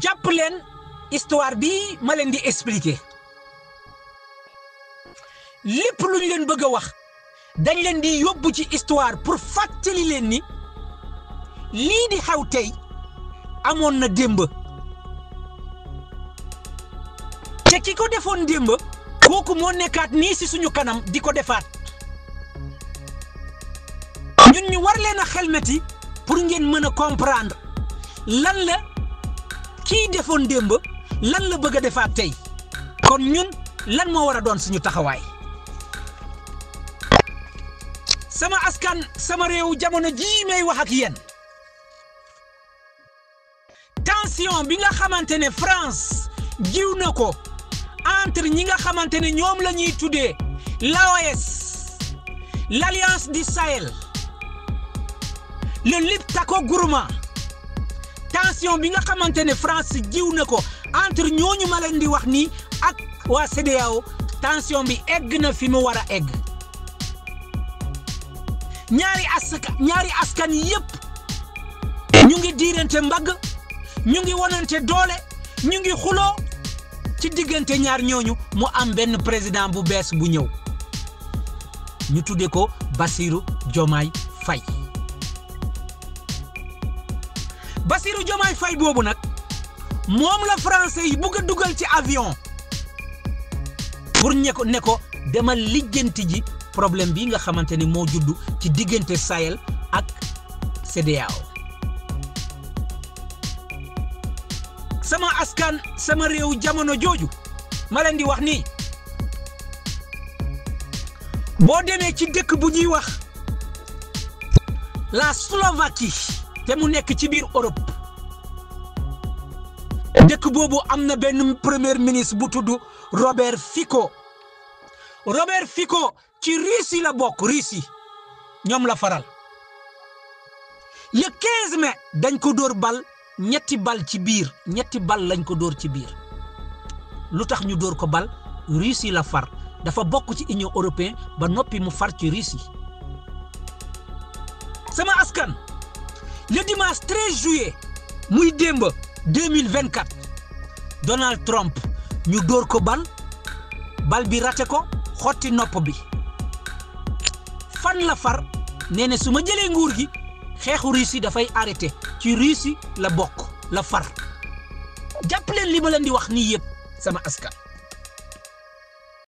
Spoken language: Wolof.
jàpp leen histoire bi ma leen di expliquer lépp lu ñu leen bëgg a wax dañ leen di yóbbu ci histoire pour fàttali leen ni lii di xaw tey amoon na démb te ki ko defoon démb kooku moo nekkaat nii si suñu kanam di ko defaat ñun ñu war leen a xelmeti pour ngeen mën a comprendre lan kii defoon démb lan la bëgg a defaat tey kon ñun lan moo war a doon suñu taxawaay sama askan sama réew jamono jii may wax ak yéen tension bi nga xamante ne France jiw na ko entre ñi nga xamante ne ñoom lañuy ñuy tuddee l'AOS l'Alliance du Sahel le Liptako Gourma tension bi nga xamante ne France jiw na ko entre ñooñu ma leen di wax nii ak waa CEDEAO tension bi egg na fi mu war a egg ñaari askan ñaari askan yëpp ñu ngi diirante mbagg ñu ngi wonante doole ñu ngi xuloo ci diggante ñaar ñooñu mu am benn président bu bees bu ñëw ñu tudde ko Bassirou Diomaye Faye Bassirou Diomaye fay boobu nag moom la français yi bugg dugal ci avion pour ñe ko ne ko demal lijjanti ji problème bi nga xamante ni moo judd ci diggante Sahel ak CEDEAO sama askan sama réew jamono jooju ma leen di wax nii boo demee ci dëkk bu ñuy wax la Slovaquie te mu nekk ci biir orop dëkk boobu am na benn premier ministre bu tudd Robert Fico Robert Fico ci Russie la bokk Russie ñoom la faral le 15 dañ ko dóor bal ñetti bal ci biir ñetti bal lañ ko dóor ci biir lu tax ñu dóor ko bal Russie la far dafa bokk ci Union européenne ba noppi mu far ci Russie sama askan. le dimanche 13 juillet muy démb 2024 Donald Trump ñu dóor ko bal bal bi rate ko xotti nopp bi fan la far nee na su ma jëlee nguur gi xeexu Russie dafay arrêté ci Russie la bokk la far jàpp leen li ma leen di wax nii yëpp sama askan.